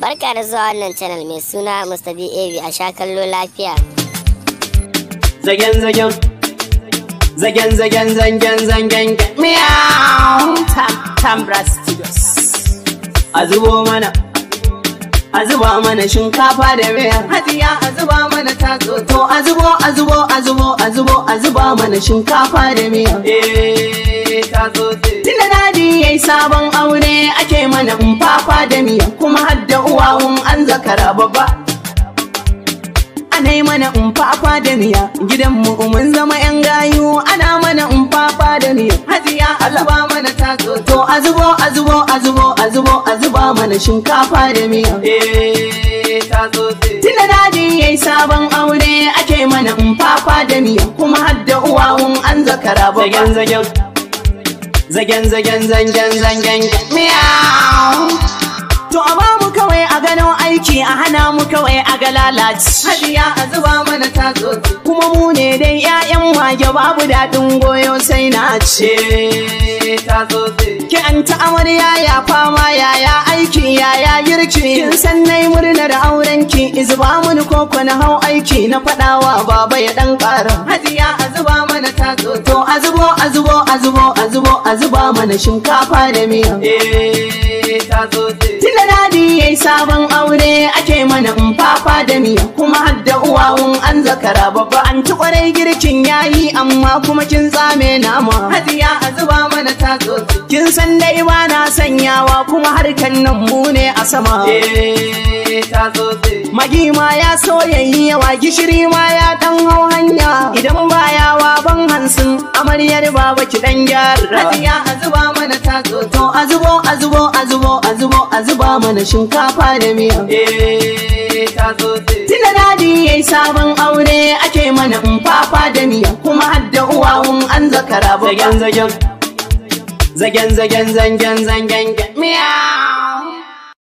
Barka da zuwa wannan channel mai suna Mustabi AV a sha kallo lafiya. Zagen zagen zagen zagen zagen zagen meow tam tambra studios. A zubo mana a zuba mana shinkafa da miya hadiya a zuba mana tatso to a zubo a zubo a zubo a zubo a zuba mana shinkafa da miya eh. sabon aure ake mana fafa da miya kuma hadda uwa un an zakara babba ana mana fafa da miya gidan mu mun zama yan gayu ana mana fafa da miya hajiya alaba mana ta to a zubo a zubo a zubo a zubo a zuba mana shinkafa da miya eh, tunda dadi yayi sabon aure ake mana fafa da miya kuma hadda uwa un an zakara babba zagen zagen zangen zangen meow to a bamu kawai a gano aiki a hana mu kawai a ga lalaci hadiya a zuba mana tatso kuma mu ne dai 'ya'yan wage babu daɗin goyo sai na ce ki an ta amarya ya fama yaya aiki yaya girki kin san nayi murnar auren ki izba mun koko na hau aiki na fadawa baba ya dan ƙara hajiya a zuba mana tazo to a zubo a zubo a zubo a zuba mana shinkafa da miya. Eh, Tunda dadi yayi sabon aure ake mana umfafa da miya kuma hadda uwawun an zakara babba an ci kwarai girkin yayi amma kuma kin tsame nama. Hajiya a zuba mana tazo. Kin san dai ba na sanyawa kuma harkan nan mu ne a sama. Eh, Magi ma ya so ya yi yawa gishiri ma ya dan hau hanya idan ba bayawa ban hansin amaryar baba ki dan gyara. Hajiya a zuba mana tazo to a zubo a zubo a zubo a zubo a zuba mana shinkafa da miya. Eh, Tunda dadi yayi sabon aure ake mana umfafa da miya kuma hadda uwa an zakara ba. Zagen zagen zagen zagen zagen zagen miya.